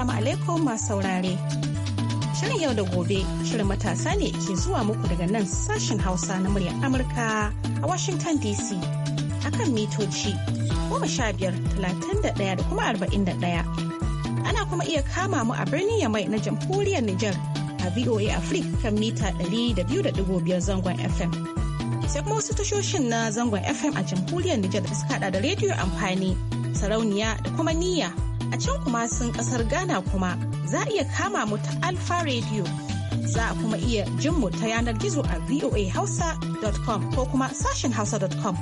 Assalamu alaikum masu saurare. Shirin yau da gobe, shirin matasa ne ke zuwa muku daga nan sashen Hausa na muryar Amurka a Washington DC. Akan mitoci goma sha da kuma arba'in Ana kuma iya kama mu a birnin Yamai na jamhuriyar Nijar a VOA Africa kan mita ɗari da biyu zangon FM. Sai kuma wasu tashoshin na zangon FM a jamhuriyar Nijar da suka haɗa da rediyo amfani, sarauniya da kuma niyya A can kuma sun kasar Ghana kuma za a iya kama mu ta Alfa Radio. Za a kuma iya jin mu ta yanar gizo a voahausa.com ko kuma sashen hausa.com.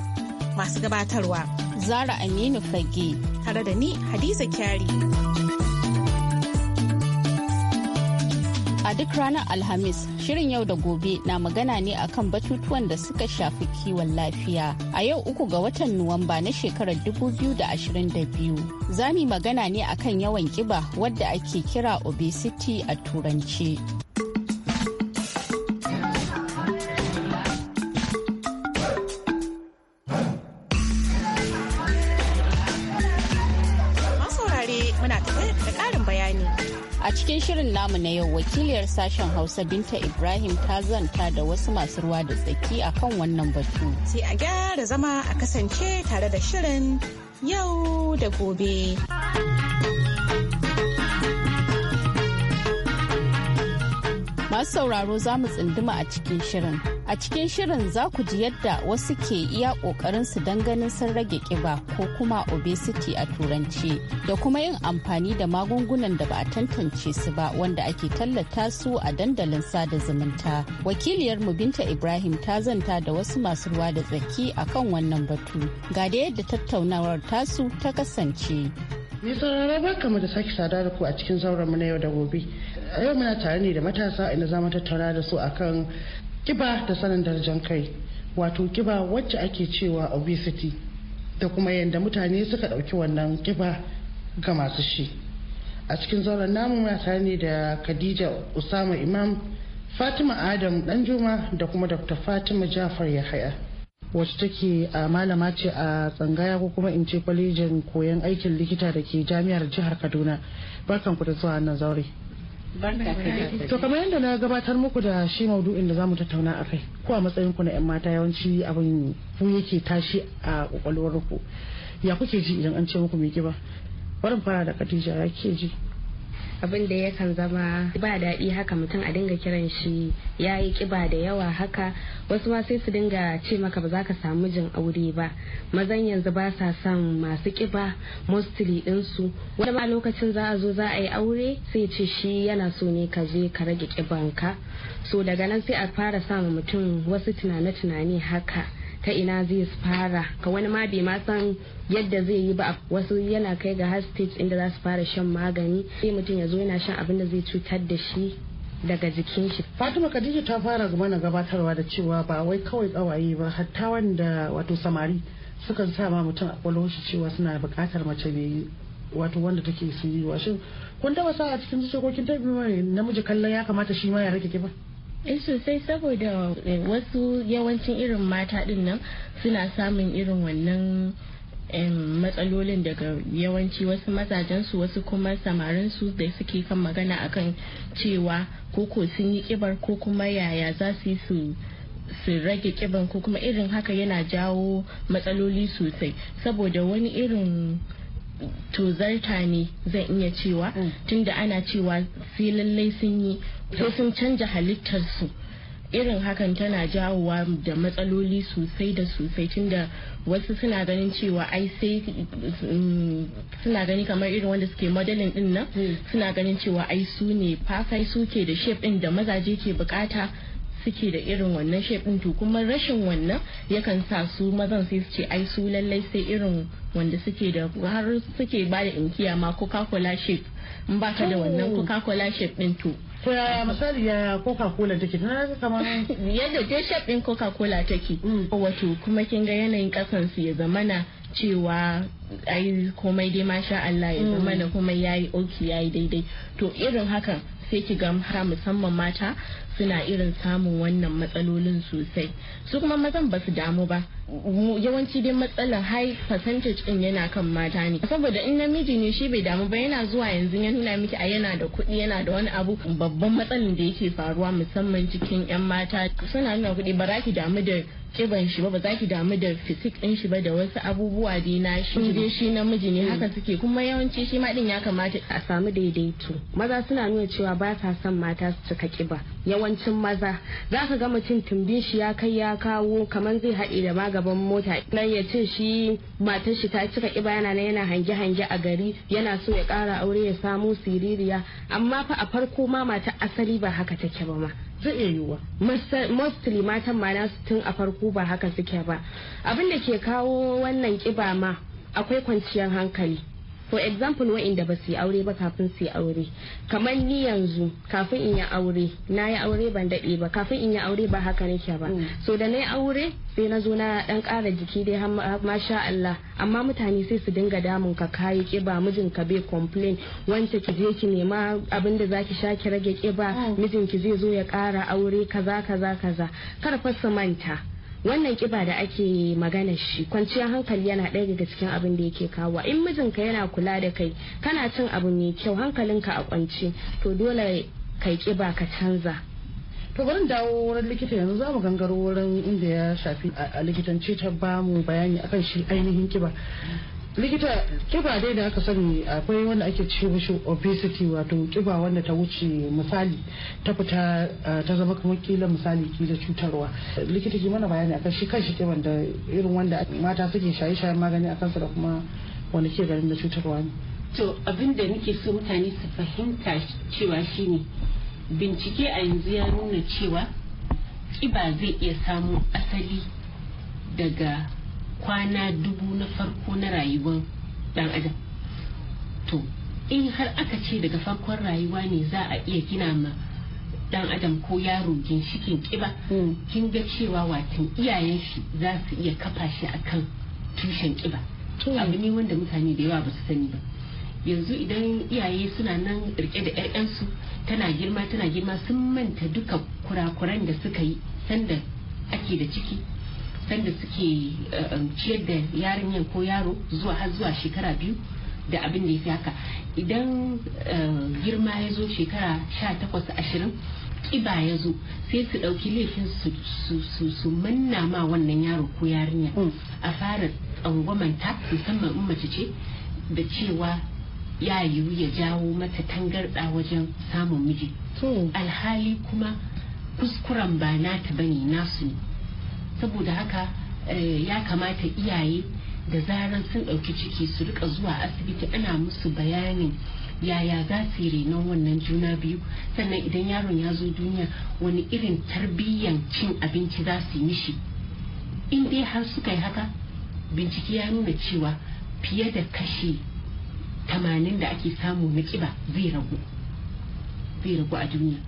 Masu gabatarwa. Zara Aminu Fage. Tare da ni Hadiza Kyari. A duk ranar Alhamis, shirin yau da gobe na magana ne akan batutuwan da suka shafi kiwon lafiya. A yau uku ga watan Nuwamba na shekarar ashirin da biyu mu magana ne akan yawan kiba wadda ake kira obesity a turanci. shirin namu na yau wakiliyar sashen Hausa Binta Ibrahim ta zanta da wasu masu ruwa da tsaki a kan wannan batu. Sai a gyara zama a kasance tare da shirin yau da gobe. Masu sauraro za mu tsinduma a cikin shirin. A cikin shirin za ku ji yadda wasu ke iya su don ganin sun rage ƙiba ko kuma obesity a turance da kuma yin amfani da magungunan da ba a tantance su ba wanda ake tallata su a dandalin sada zumunta. Wakiliyar mu Binta Ibrahim ta zanta da wasu masu ruwa da tsaki a kan wannan batu. Ga da yadda tattaunawar tasu ta kasance. Mai ba barkamu da sake sada da ku a cikin zauren mu na yau da gobe. a yau muna tare ne da matasa inda za mu tattara da su akan kiba da sanin darajar kai wato kiba wacce ake cewa obesity da kuma yadda mutane suka ɗauki wannan kiba ga masu shi a cikin zauren namu muna tare ne da khadija usama imam fatima adam danjuma da kuma dr fatima jafar yahaya wacce take a malama ce a tsangaya ko kuma in ce kwalejin koyon aikin likita da ke jami'ar jihar kaduna barkan ku da zuwa nan zaure To kamar yadda na gabatar muku da shi maudu'in da zamu tattauna a kai ko a matsayin ku na 'yan mata yawanci abin ku yake tashi a kwakwalwar ku ya kuke ji idan an ce muku mai kiba barin fara da Khadija ya ke ji abin da yakan zama ba daɗi haka mutum a dinga kiran shi ya yi ƙiba da yawa haka wasu ma sai su dinga ce maka ba za ka samu jin aure ba mazan yanzu ba sa son masu ƙiba mostly ɗinsu wani ma lokacin za a zo za a yi aure sai ce shi yana so ne ka je ka rage ƙibanka so daga nan sai a fara samun mutum wasu tunane-tunane haka ta ina zai fara ka wani ma bai ma san yadda zai yi ba wasu yana kai ga har stage inda za su fara shan magani sai mutum ya zo yana shan abin da zai cutar da shi daga jikin shi. Fatima Khadija ta fara mana gabatarwa da cewa ba wai kawai kawaye ba hatta wanda wato samari sukan sa ma mutum a kwallon shi cewa suna buƙatar mace mai wato wanda take su yi shin kun taba sa a cikin zuciyoyin ta namiji kallon ya kamata shi ma ya rage kiba. in eh, sosai saboda eh, wasu yawancin irin mata din nan suna samun irin wannan matsalolin daga yawanci wasu mazajensu wasu kuma samarinsu da suke kan magana akan cewa koko sun yi kibar ko kuma yaya za su su su rage kiban ko kuma irin haka yana jawo matsaloli sosai saboda wani irin tozarta ne zan iya cewa mm. tunda ana cewa sai lallai sun yi sai sun canja halittarsu irin hakan tana jawowa da matsaloli sosai da sosai tunda wasu suna ganin cewa ai sai mm, suna gani kamar irin wanda suke modelin din nan hmm. suna ganin cewa ai su ne fasai suke da shape din da mazaje ke bukata suke da irin wannan shape to kuma rashin wannan yakan sa su mazan sai su ce ai su lallai sai irin wanda suke da har suke ba da inkiya ma coca-cola shape in ka da oh. wannan coca-cola shape din to to yaya misali yaya coca-cola take na kamar yadda dai shape din coca-cola take mm. wato kuma kin ga yanayin kasan su ya zamana cewa ai komai dai masha Allah ya mm. zamana kuma yayi oki yayi daidai to irin hakan sai ki ga musamman mata suna irin samun wannan matsalolin sosai su kuma mazan ba su damu ba yawanci dai matsalar high percentage din yana kan mata ne saboda in namiji ne shi bai damu ba yana zuwa yanzu ya nuna miki a yana da kuɗi yana da wani abu babban matsalin da yake faruwa musamman cikin 'yan mata suna nuna kuɗi ba za ki damu da kiban shi ba ba za ki damu da fisik din shi ba da wasu abubuwa dai na shi dai shi namiji ne haka suke kuma yawanci shi ma din ya kamata a samu daidaito maza suna nuna cewa ba sa son mata su cika kiba yawancin maza za ka ga mutum tumbin shi ya kai ya kawo kamar zai haɗe da magaban mota nan ya ce shi matar shi ta cika kiba yana nan yana hange hange a gari yana so ya ƙara aure ya samu siririya amma fa a farko ma mata asali ba haka take ba ma zai iya yiwuwa mostly matan ma su tun a farko ba haka suke ba abin da ke kawo wannan kiba ma akwai kwanciyar hankali for example wa'inda ba su yi aure ba kafin su yi aure kamar ni yanzu kafin in yi aure na yi aure ban daɗe ba kafin in yi aure ba haka nake ba mm. so da na yi aure sai na zo na ɗan ƙara jiki dai masha Allah amma mutane sai su dinga damun ka kayi ƙiba mijin ka bai complain wance ki je ki nema abin da zaki sha ki rage ƙiba mm. mijinki zai zo ya ƙara aure kaza kaza kaza kar fa su manta wannan kiba da ake magana shi kwanciyar hankali yana ɗaya daga cikin abin da yake kawo in mijinka yana kula da kai kana cin abu mai kyau hankalinka a kwance to dole kai kiba ka canza to bari dawo wurin likita yanzu za mu gangaro wurin inda ya shafi a likitance ta bamu bayani akan shi ainihin kiba likita kiba dai da aka sani akwai wanda ake ce mishi obesity wato kiba wanda ta wuce misali ta fita ta zama kuma kila misali kila cutarwa likita ki mana bayani akan shi kan shi kiban da irin wanda mata suke shaye-shayen magani a kansa da kuma wanda ke ganin da cutarwa ne to abin da nake so mutane su fahimta cewa shine bincike a yanzu ya nuna cewa kiba zai iya samo asali daga kwana dubu na farko na rayuwar dan adam to in har aka ce daga farkon rayuwa ne za a iya gina ma dan adam ko yaro ginshikin kiba hmm. kin ga cewa watan iyayen shi za su iya kafa shi akan tushen kiba hmm. abu ne wanda mutane da yawa ba su sani ba yanzu idan iyaye suna nan rike da 'ya'yansu tana girma tana girma sun manta duka kurakuran da suka yi sanda ake da ciki sanda suke eh, um, ciyar da yarinyar ko yaro zuwa har zuwa shekara biyu da abin da ya fi haka idan eh, girma ya zo shekara sha takwas ashirin kiba ya zo sai su ɗauki laifin su manna ma wannan yaro ko yarinya mm. a fara tsangwamanta musamman in mace ce da cewa ya yiwu ya jawo mata tangarɗa wajen samun miji alhali kuma kuskuren ba nata bane nasu ne saboda haka eh, ya kamata iyaye da zaran sun ɗauki ciki su rika zuwa asibiti ana musu bayanin yaya za su yi renon wannan juna biyu sannan idan yaron ya zo duniya wani irin tarbiyyan cin abinci za su yi mishi in dai har suka yi haka bincike ya nuna cewa fiye da kashi tamanin da ake samu na kiba zai ragu zai ragu a duniya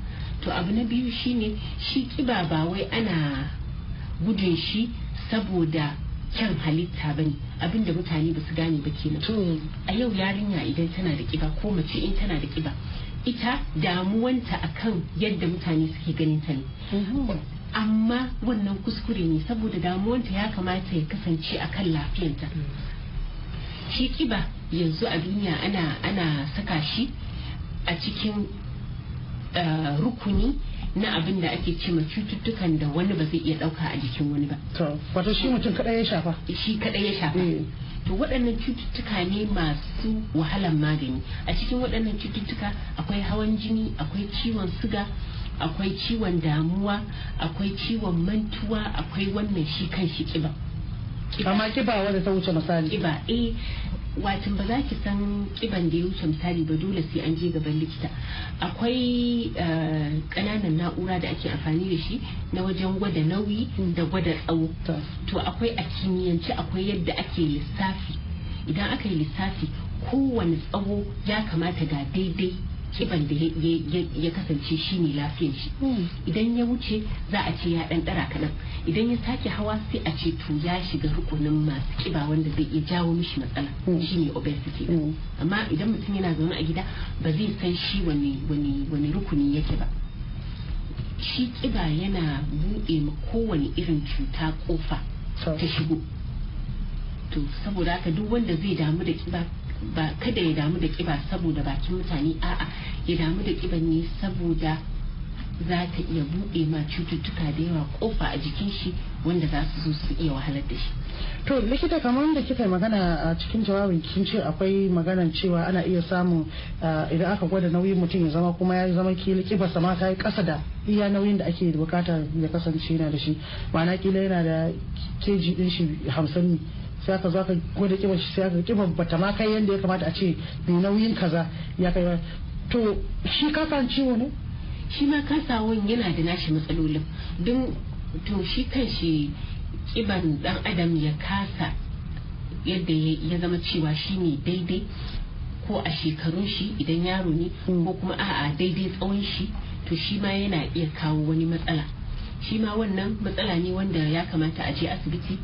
to abu na biyu shine shi kiba ba wai ana gudun shi saboda kyan halitta ba ne abinda mutane ba su gane ba kenan a yau yarinya idan tana da kiba ko mace in tana da kiba ita damuwanta akan yadda mutane suke ganin ta ne mhm. amma wannan kuskure ne saboda damuwanta ya kamata ya kasance akan lafiyanta mm. shi kiba yanzu a duniya ana ana saka shi a cikin eh, rukuni na abin da ake ce ma cututtukan da wani ba zai iya dauka a jikin wani ba to wato shi mutum kadai ya shafa shi kadai ya shafa eh. to waɗannan cututtuka ne masu wahalan magani a cikin waɗannan cututtuka akwai hawan jini akwai ciwon suga akwai ciwon damuwa akwai ciwon mantuwa akwai wannan shi kan shi kiba amma kiba wanda ta wuce misali kiba eh watan ba za ki san kiban da ya wuce misali ba dole sai an je gaban likita akwai kananan eh, na'ura da ake amfani da shi na wajen gwada nauyi da gwada tsawo to akwai a kimiyyance akwai yadda ake lissafi idan aka yi lissafi kowane tsawo ya kamata ga daidai kiban da ya kasance shi ne lafiyar shi hmm. idan ya wuce za a ce ya dan dara kaɗan idan ya sake hawa sai a ce to ya shiga rukunin masu kiba wanda zai iya jawo mishi matsala hmm. shi ne obesity hmm. amma idan mutum yana zaune a gida ba zai san shi wani rukuni yake ba shi kiba yana buɗe ma kowane irin cuta kofa ta shigo to saboda haka duk wanda zai damu da kiba ba kada ya damu da kiba saboda bakin mutane a'a ya damu da kiban ne saboda za ta iya buɗe ma cututtuka da yawa kofa a jikin shi wanda za su zo su iya wahalar da shi to likita kamar da kika magana a cikin jawabin kin ce akwai maganar cewa ana iya samun eh, idan aka gwada nauyin mutum ya zama kuma ya zama kila kiba sama ta yi kasa da iya nauyin da ake bukata ya kasance yana da shi ma'ana kila yana da keji din shi hamsin sai aka zaka gode gwada kiban shi sai aka kiban bata ma kai yanda ya kamata a ce mai nauyin kaza ya kai to shi ka kan ciwo ne shi ma sawon yana da nashi matsalolin don to shi kan shi kiban dan adam ya kasa yadda ya zama cewa shi ne daidai ko a shekarun shi idan yaro ne mm. ko kuma a'a daidai tsawon shi to shi ma yana iya kawo wani matsala shi ma wannan matsala ne wanda ya kamata a je asibiti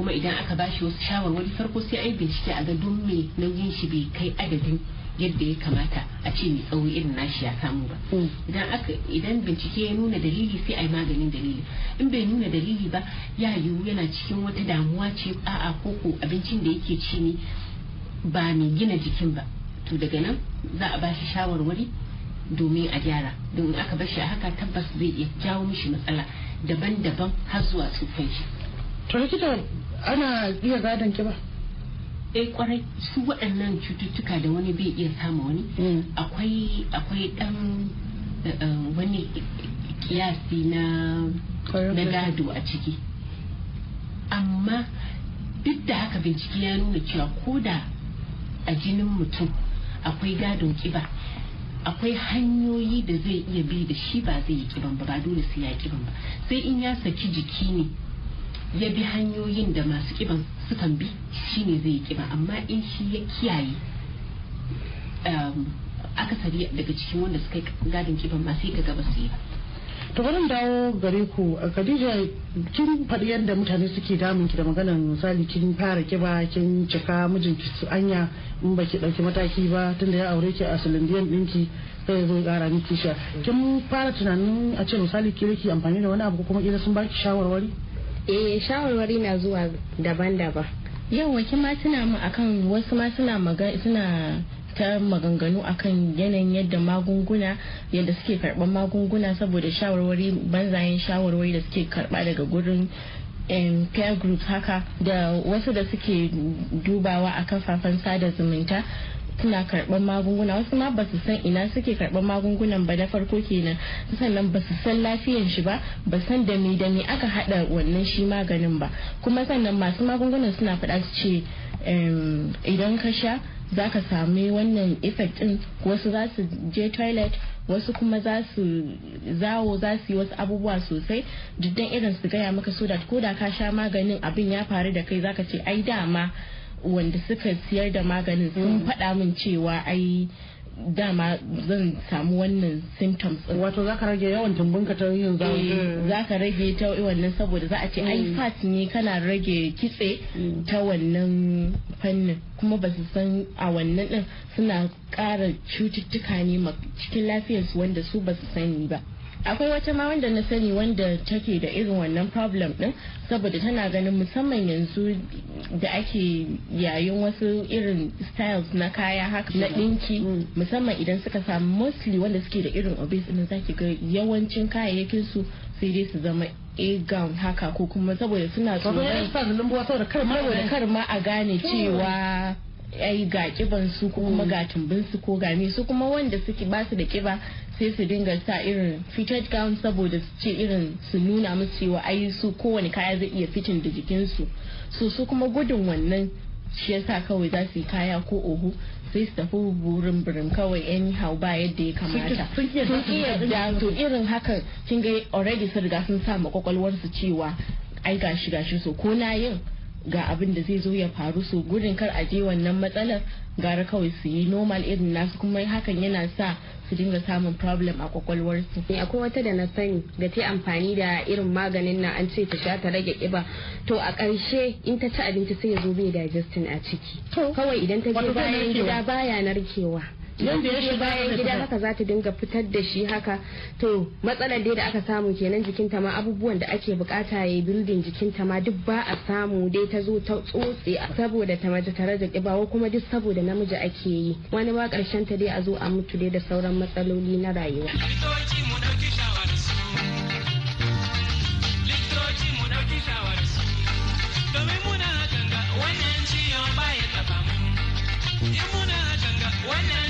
kuma idan aka bashi wasu shawarwari farko sai ai bincike a ga don me nauyin shi bai kai adadin yadda ya kamata a ce mai tsawo irin nashi ya samu ba mm. idan aka idan bincike ya nuna dalili sai ayi maganin dalili in bai nuna dalili ba ya yiwu yana cikin wata damuwa ce a'a koko abincin da yake ci ne ba mai gina jikin ba to daga nan za a bashi shawarwari domin a gyara domin aka bashi a haka tabbas zai iya jawo mishi matsala daban-daban har zuwa tsufan shi to likita ana iya gadon ki eh kwarai su waɗannan cututtuka da wani bai iya samu wani hmm. akwai akwai dan eh, eh, wani kiyasi na na gado a ciki amma duk da haka bincike ya nuna cewa ko da a jinin mutum akwai gadon kiba akwai hanyoyi da zai iya bi da shi ba zai yi kiban ba ba dole sai ya kiban ba sai in ya saki jiki ne ya bi hanyoyin da masu kiban sukan bi shine zai kiba amma in shi ya kiyaye um, akasari daga cikin wanda suka yi gadin kiban masu yi gaba su yi to bari dawo gare ku Khadija kin faɗi yadda mutane suke damun ki da maganar misali kin fara kiba kin cika mijinki su anya in baki ɗauki mataki ba tunda ya aure ki a sulindiyan ɗinki sai zo ƙara miki sha kin fara tunanin a ce misali ki amfani da wani abu kuma kila sun baki shawarwari eh shawarwari na zuwa daban-daban yau kima tuna mu akan wasu ma suna suna ta maganganu akan yanayin yadda magunguna yadda suke karban magunguna saboda shawarwari banzayen shawarwari da suke karba daga gurin peer group haka da wasu da suke dubawa a kafafen sada zumunta suna karban magunguna wasu ma basu san ina suke karban magungunan ba na farko kenan sannan basu san lafiyan shi ba ba san da me da me aka hada wannan shi maganin ba kuma sannan masu magungunan suna faɗa su ce idan ka sha za ka sami wannan effect din wasu za su je toilet wasu kuma za su zawo za su yi wasu abubuwa sosai duk irin su gaya maka so da ko da ka sha maganin abin ya faru da kai zaka ce ai dama wanda suka siyar da maganin sun mm. faɗa min cewa ai dama zan samu wannan symptoms wato zaka rage yawan tambunka ta yin za eh, mm. zaka rage ta wannan saboda za a ce ai mm. fat ne kana rage kitse ta wannan fannin kuma ba su san a wannan din suna ƙara cututtuka ne cikin lafiyarsu wanda su ba su sani ba akwai wata ma wanda na sani wanda take da irin wannan problem din saboda tana ganin musamman yanzu da ake yayin wasu irin styles na kaya haka na dinki mm. musamman idan suka samu mostly wanda suke da irin obese din zaki ga yawancin kayayyakin su sai dai su zama e-gown haka ko kuma saboda suna saboda kar ma a gane cewa ai ga kiban su ko kuma mm. ga tumbin su ko ga su kuma wanda suke ba da kiba sai su dinga sa irin fitted gown saboda su ce irin su nuna musu cewa ai su kowane kaya zai iya fitin da jikinsu so su kuma gudun wannan shi yasa kawai za su yi kaya ko oho sai su tafi burin burin kawai yan ba yadda ya kamata sun iya to irin haka kin ga already sun riga sun sa su cewa ai gashi gashi su ko na yin ga abin da zai zo ya faru so gudun kar a je wannan matsalar gara kawai su yi normal irin nasu kuma hakan yana sa su dinga samun problem a kwakwalwarsu. Eh, akwai wata da na sani da ta amfani da irin maganin nan an ce ta sha ta rage kiba to a ƙarshe in ta ci abinci sai ya zo bai digesting a ciki kawai idan ta je bayan gida baya narkewa yanda ya shiga bayan gida haka za ta dinga fitar da shi haka to matsalar dai da aka samu kenan jikin ta ma abubuwan da ake bukata ya yi bildin jikin ta ma duk ba a samu dai ta zo ta tsotse saboda ta mace tare da kiba kuma duk saboda namiji ake yi wani ba karshen ta dai a zo a mutu dai da sauran matsaloli na rayuwa domin muna wannan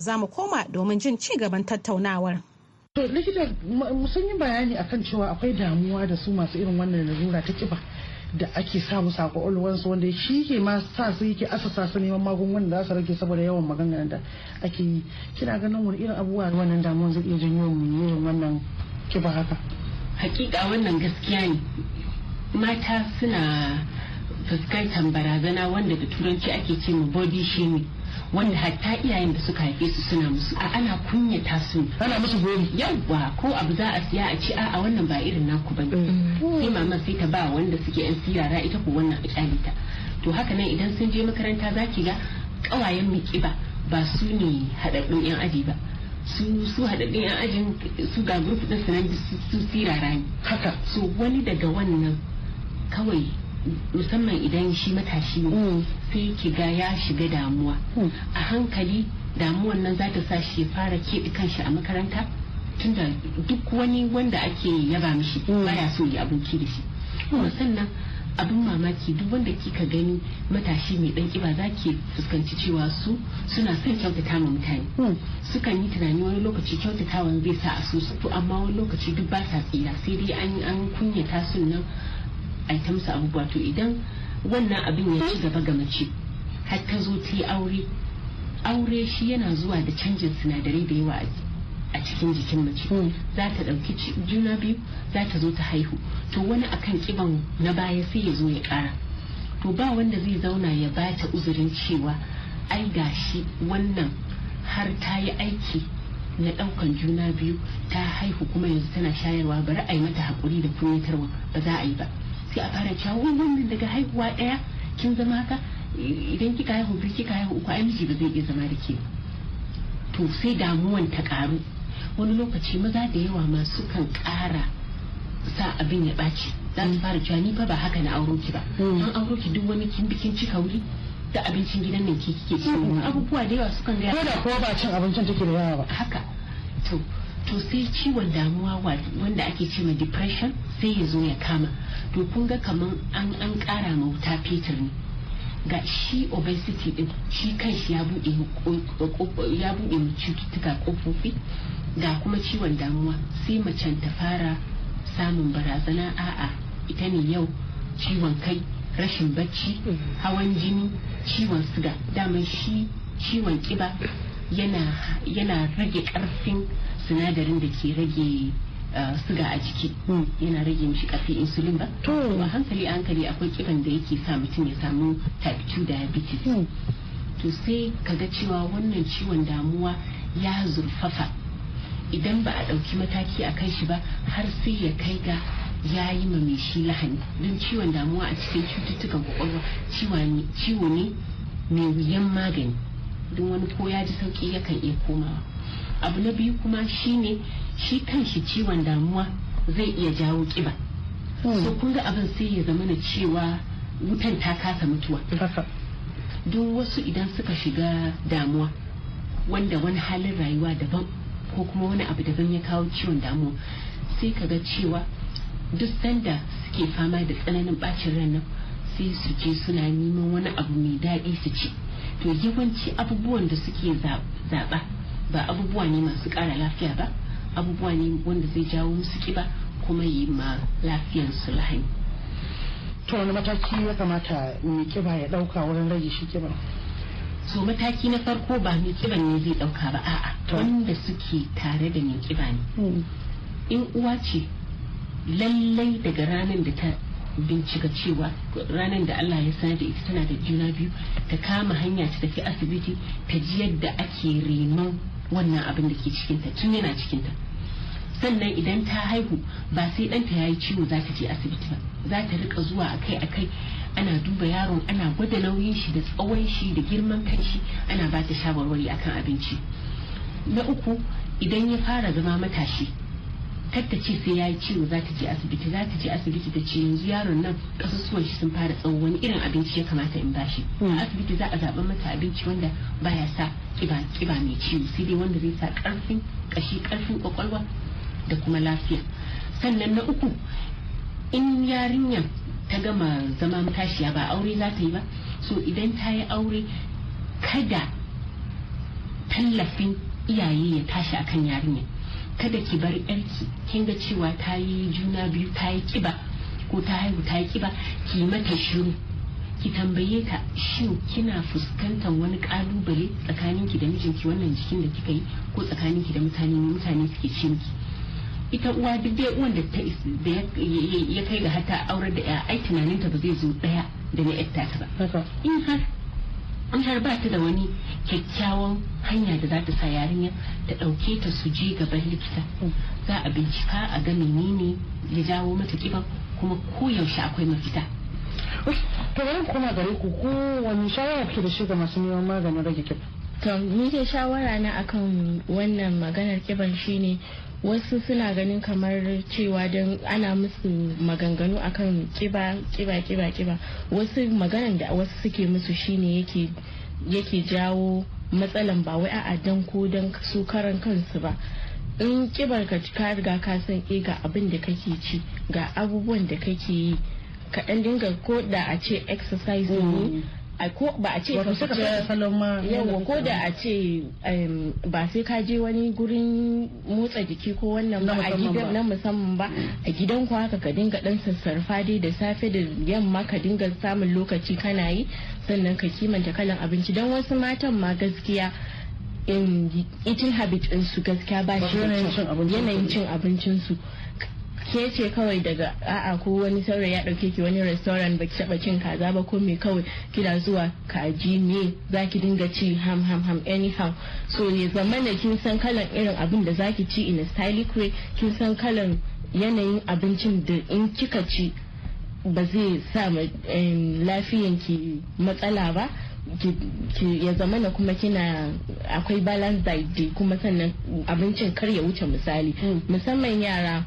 za mu koma domin jin ci gaban tattaunawar. To likita sun yi bayani akan cewa akwai damuwa da su masu irin wannan lalura ta kiba da ake samu sako a wanda shi ke ma su yake asasa su neman magungunan da su rage saboda yawan maganganun da ake yi kina ganin wani irin abubuwa wannan damuwar zai iya janyo mu irin wannan kiba haka hakika wannan gaskiya ne mata suna fuskantar barazana wanda da turanci ake ce ma body shaming wanda hatta iyayen da suka haife su suna musu a ana kunyata su ana musu gori yawwa ko abu za a siya a ci a'a wannan ba irin naku bane mm. sai mama sai ta ba wanda suke yan sirara ita ko wannan a to haka nan idan sun je makaranta za ki ga kawayen mu kiba ba su ne haɗaɗɗun yan aji ba su su haɗaɗɗun yan ajin su ga gurfudin su nan su sirara ne haka so wani daga wannan kawai musamman idan shi matashi ne mm. sai ki ga ya shiga damuwa mm. a hankali damuwan nan za ta sa shi ya fara keɓe kanshi a makaranta tunda duk wani wanda ake yaba mishi mm. baya so ya abinci da shi kuma sannan abin mamaki duk wanda kika gani matashi mai ɗan ƙiba za ki fuskanci cewa su suna son kyautata ma mutane sukan yi tunani wani lokaci kyautatawan zai sa a su su amma wani lokaci duk ba sa tsira sai dai an kunyata su nan a ta musu abubuwa to idan wannan abin ya ci gaba ga mace har ta zo ta yi aure aure shi yana zuwa da canjin sinadarai da yawa a cikin jikin mace hmm. za ta ɗauki juna biyu za ta zo ta haihu to wani akan kiban na baya sai ya zo ya ƙara to ba wanda zai zauna ya ba ta uzurin cewa ai gashi wannan har ta yi aiki na ɗaukan juna biyu ta haihu kuma yanzu tana shayarwa bari a yi mata haƙuri da kunyatarwa ba za a yi ba sai a fara cewa wannan daga haihuwa ɗaya kin zama ka idan kika haihu biyu kika haihu uku ai miji ba zai iya zama da ke to sai damuwan ta karu wani lokaci maza da yawa masu kan kara sa abin ya ɓaci za su fara cewa ni fa ba haka na auro ki ba mm. an auro ki duk wani kin bikin cika wuri da abincin gidan nan ke kike ci mm. abubuwa da yawa sukan ga ko da ko ba cin abincin take da yawa ba haka to to sai ciwon damuwa wanda ake ce ma depression sai ya zo ya kama to kun ga kaman an an kara ma wuta fetur ne ga shi obesity din shi kanshi ya bude ya bude cututtuka kofofi ga kuma ciwon damuwa sai macen ta fara samun barazana a'a ita ne yau ciwon kai rashin bacci mm-hmm. hawan jini ciwon siga daman shi ciwon kiba yana rage karfin sinadarin da ke rage eh, suga a jiki hmm. yana rage mishi karfin insulin ba hmm. to a hankali a hankali akwai kiran da yake sa mutum ya samu type 2 diabetes hmm. to sai kaga cewa wannan ciwon damuwa ya zurfafa idan ba a ɗauki mataki a kai shi ba har sai ya kai ga ya yi ma mai shi lahani don ciwon damuwa a cikin cututtukan kwakwalwa ciwo ne mai wuyan magani don wani ko ya ji sauki yakan iya komawa abu na biyu kuma shine shi kan shi ciwon damuwa zai iya jawo kiba hmm. so kun ga abin sai ya zama na cewa wutan ta kasa mutuwa duk wasu idan suka shiga damuwa wanda wani halin rayuwa daban ko kuma wani abu daban ya kawo ciwon damuwa sai ka ga cewa duk sanda suke fama da tsananin bacin ran nan sai su je suna neman wani abu mai daɗi su ci to yawanci abubuwan da suke zaɓa ba abubuwa ne masu kara lafiya ba abubuwa ne wanda zai jawo musu kiba kuma yi ma lafiyarsu lahani to wani mataki ya kamata mai kiba ya dauka wurin rage shi kiba so mataki na farko ba mai kiba ne zai dauka ba a'a wanda suke tare da mai kiba ne hmm. in uwa ce lallai daga ranar da ta bincika cewa ranar da Allah ya sanar da ita tana da juna biyu ta kama hanya ta tafi asibiti ta ji yadda ake renon wannan abin da ke cikinta tun yana cikinta sannan idan ta haihu ba sai ɗanta ya yi ciwo za ta je asibiti ba za ta rika zuwa akai akai ana duba yaron ana gwada nauyin shi da tsawon shi da girman kan shi ana ba ta shawarwari akan abinci na uku idan ya fara zama matashi kar ce sai ya yi ciwo za ta je asibiti za ta je asibiti da ce yanzu yaron nan kasusuwan shi sun fara tsawo wani irin abinci ya kamata in ba shi. Hmm. a asibiti za a zaɓa mata abinci wanda baya sa kiba kiba mai ciwo sai dai wanda zai sa ƙarfin ƙashi ƙarfin ƙwaƙwalwa da kuma lafiya sannan na uku in yarinya ta gama zama matashiya ba aure za ta yi ba so idan ta yi aure kada tallafin iyaye ya tashi akan yarinya. kada ki bar yanki kin ga cewa ta yi juna biyu ta yi kiba ko ta haihu ta yi kiba ki mata shiru ki tambaye ta shin kina fuskantar wani kalubale tsakanin ki da mijinki wannan jikin da kika yi ko tsakanin ki da mutane mutane suke ce miki ita uwa duk dai uwan da ta ya kai ga hata aurar da ya ai tunaninta ba zai zo daya da na yarta ta ba in har in har ba ta da wani kyakkyawan hanya da za ta sa yarinya ta ɗauke ta su je gaban likita za a bincika a ga menene ya jawo mata kiba kuma koyaushe akwai mafita to bari kuma gare ku ko wani shawara ke da shi ga masu neman maganin rage kiba to ni dai shawara na akan wannan maganar kiban shine wasu suna ganin kamar cewa don ana musu maganganu akan kiba kiba kiba kiba wasu maganan da wasu suke musu shine yake yake jawo matsalan ba wai a dan ko dan su karan kansu ba in kibar ka ka riga ka san e ga abin da kake ci ga abubuwan da kake yi kaɗan dinga ko da a ce exercise ne mm. a ko ba a ce ka fita yawa ko da a ce ba sai ka je wani gurin motsa jiki ko wannan ba a gidan na musamman ba a gidan ku haka ka dinga dan sassarfa dai da safe da yamma ka dinga samun lokaci kana yi sannan ka kimanta kalan abinci don wasu matan ma gaskiya in eating habit su gaskiya ba shi yanayin cin abincinsu ke ce kawai daga a'a ko wani saurayi ya dauke ki wani restaurant ba ki taba cin kaza ba ko me kawai kina zuwa kaji ne ki dinga ci ham ham ham anyhow so ya zamana kin san kalan irin abin da zaki ci in a style kin san kalan yanayin abincin da in kika ci ba zai sa lafiyan ki matsala ba ki ya zamana kuma kina akwai balance diet kuma sannan abincin kar ya wuce misali mm. musamman yara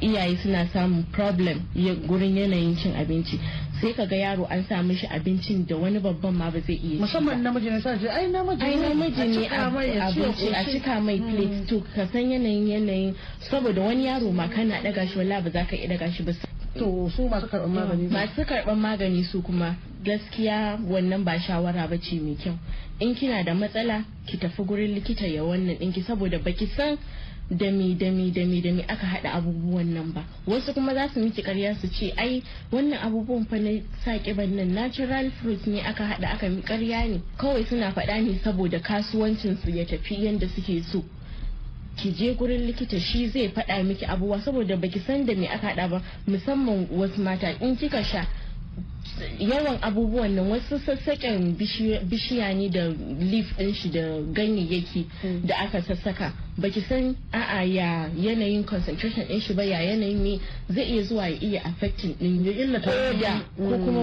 iyaye suna samun problem gurin yanayin cin abinci sai ka ga yaro an sa mishi abincin da wani babban ma ba zai iya ci musamman namiji ne sai ai namiji ai namiji ne abinci a cika mai hmm. plate to ka san yanayin yanayin saboda wani yaro ma kana daga shi wallahi ba za ka iya daga shi ba to su masu karban magani masu karban magani su kuma gaskiya wannan ba shawara ba ce mai kyau in kina da matsala ki tafi gurin likita ya wannan ɗinki saboda baki san dami dami dami dami aka hada abubuwan nan ba wasu kuma za su miki karya su ce ai wannan abubuwan fa na sa kiban nan natural fruit ne aka hada aka mi karya ne kawai suna faɗa ne saboda kasuwancin su ya tafi yanda suke so ki je gurin likita shi zai faɗa miki abubuwa saboda baki san da me aka hada ba musamman wasu mata in kika sha yawan abubuwan nan wasu sassaƙen bishiya ne da leaf ɗin shi da ganyayyaki hmm. da aka sassaka baki san a'a ya yanayin concentration ɗin shi ba ya yanayin ne zai iya zuwa ya iya affecting ɗin ya illata eh, ya hmm. ko kuma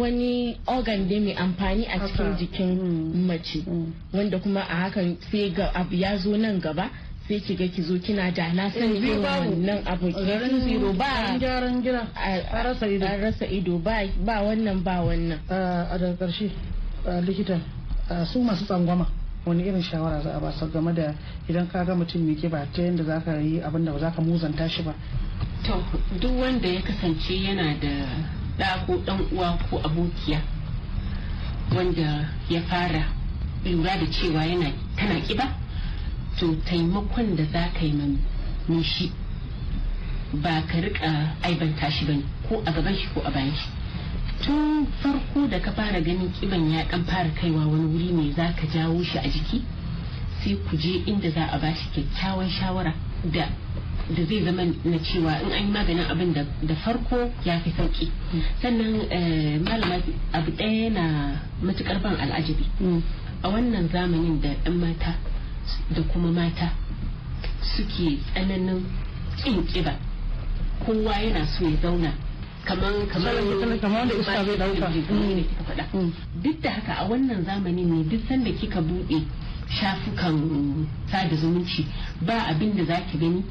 wani organ da mai amfani a cikin jikin hmm. mace wanda kuma a hakan sai ga abu ya zo nan gaba sai ki ga ki zo kina da na eh, san wannan abu ki zero ba gyaran gida a rasa ido a rasa ido ba ba wannan ba wannan a daga karshe likitan su masu tsangwama wani irin shawara za a ba game da idan ka ga mutum mai kiba ta yadda za ka yi abin ba za ka muzanta shi ba to duk wanda ya kasance yana da ɗa ko ɗan uwa ko abokiya wanda ya fara lura da cewa yana tana kiba to taimakon da za ka yi mun shi ba ka rika aibanta shi bane ko a gaban shi ko a bayan shi tun farko da ka fara ganin kiban ya dan fara kaiwa wani wuri ne za ka jawo shi a jiki sai ku je inda za a bashi kyakkyawan shawara da da zai zama na cewa in an yi maganin abin da farko ya fi sauki sannan eh, malama abu ɗaya na matukar ban al'ajabi mm. a wannan zamanin da 'yan mata da kuma mata suke tsananin ƙinƙiba. kiba kowa yana so ya zauna kamar kamar wanda iska zai dauka mm. duk da haka a wannan zamani ne duk sanda kika bude shafukan sada zumunci ba abinda da zaki gani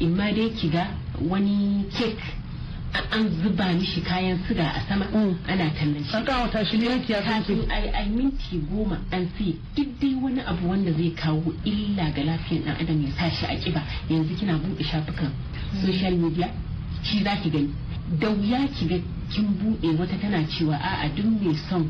imma dai ki ga wani kek an zuba mishi kayan suga a sama mm. ana tallan shi. Saka wata shi yanki ya kanki. Ai minti goma an sai duk dai wani abu wanda zai kawo illa ga lafiyar dan adam ya sa a kiba yanzu kina buɗe shafukan social media shi za ki gani. Da wuya ki ga kin buɗe wata tana cewa a'a duk mai son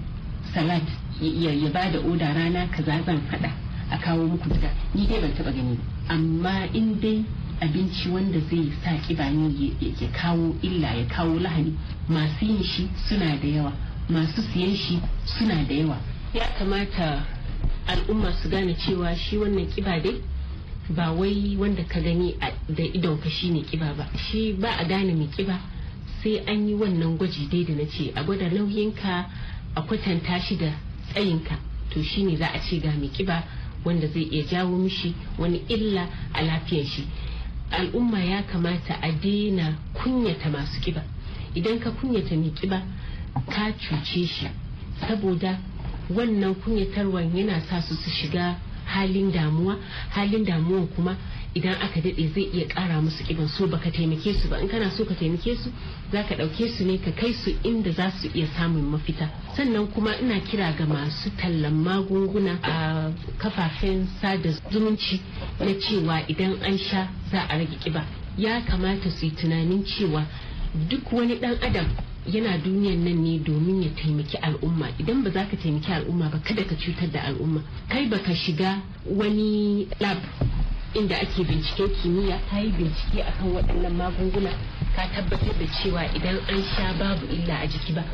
salat ya ba da oda rana kaza zan haɗa a kawo muku duka. ni dai ban taɓa gani amma in dai abinci wanda zai sa kiba ne ya kawo illa ya kawo lahani masu yin shi suna da yawa masu siyan shi suna da yawa ya kamata al'umma su gane cewa shi wannan kiba dai ba wai wanda ka gani da idon ka ne kiba ba shi ba a gane mai kiba sai an yi wannan gwaji dai da na ce a gwada nauyinka a kwatanta shi da tsayinka to shi ne za a ce ga mai kiba wanda zai iya jawo mishi wani illa a lafiyar shi al'umma ya kamata a daina kunyata masu kiba idan ka kunyata mai kiba ka cuce shi saboda wannan kunyatarwan yana sa su su shiga halin damuwa halin damuwan kuma idan aka daɗe zai iya ƙara musu ƙiban so baka taimake su ba in kana so ka taimake su za ka ɗauke su ne ka kai su inda za su iya samun mafita sannan kuma ina kira ga masu tallan magunguna a kafafen sada zumunci na cewa idan an sha za a rage ƙiba ya kamata su yi tunanin cewa duk wani ɗan adam yana duniyan nan ne domin ya taimaki al'umma idan ba za ka taimaki al'umma ba kada ka cutar da al'umma kai baka shiga wani lab inda ake bincike kimiyya ta yi bincike akan waɗannan magunguna ka tabbatar da cewa idan an sha babu illa a jiki ba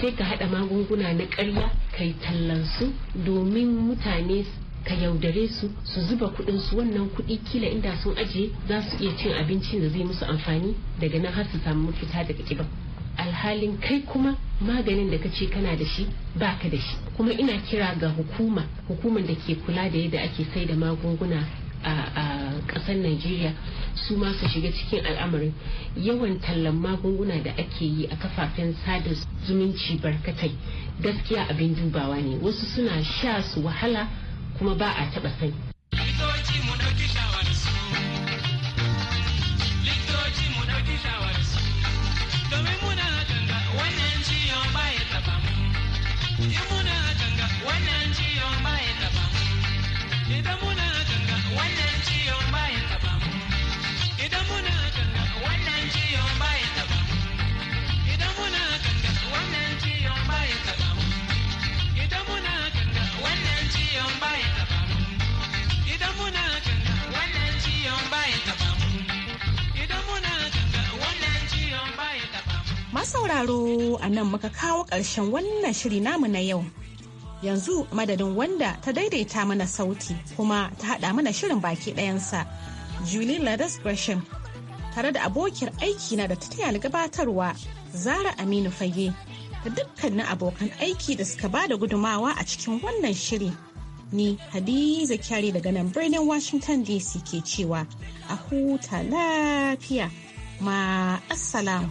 sai ka haɗa magunguna na ƙarya ka yi tallansu domin mutane ka yaudare su su zuba kuɗin su wannan kuɗi kila inda sun ajiye za su iya cin abincin da zai musu amfani daga nan har su samu mafita daga ƙiba alhalin kai kuma maganin da kace kana da shi ba ka da shi kuma ina kira ga hukuma hukumar da ke kula da yadda ake sai da magunguna a kasar Najeriya su ma su shiga cikin al'amarin yawan tallan magunguna da ake yi a kafafen sada zumunci barkatai gaskiya abin dubawa ne wasu suna sha su wahala kuma ba a taba sani sauraro a nan muka kawo ƙarshen wannan shiri namu na yau. Yanzu madadin wanda ta daidaita mana sauti kuma ta haɗa mana shirin baki ɗayansa. Julie Ladas Gresham tare da abokiyar na da ta taya gabatarwa Zara Aminu Fage da dukkanin abokan aiki da suka ba da gudumawa a cikin wannan shiri. Ni Hadiza Kyari daga nan birnin Washington DC ke cewa a huta lafiya. ma assalam.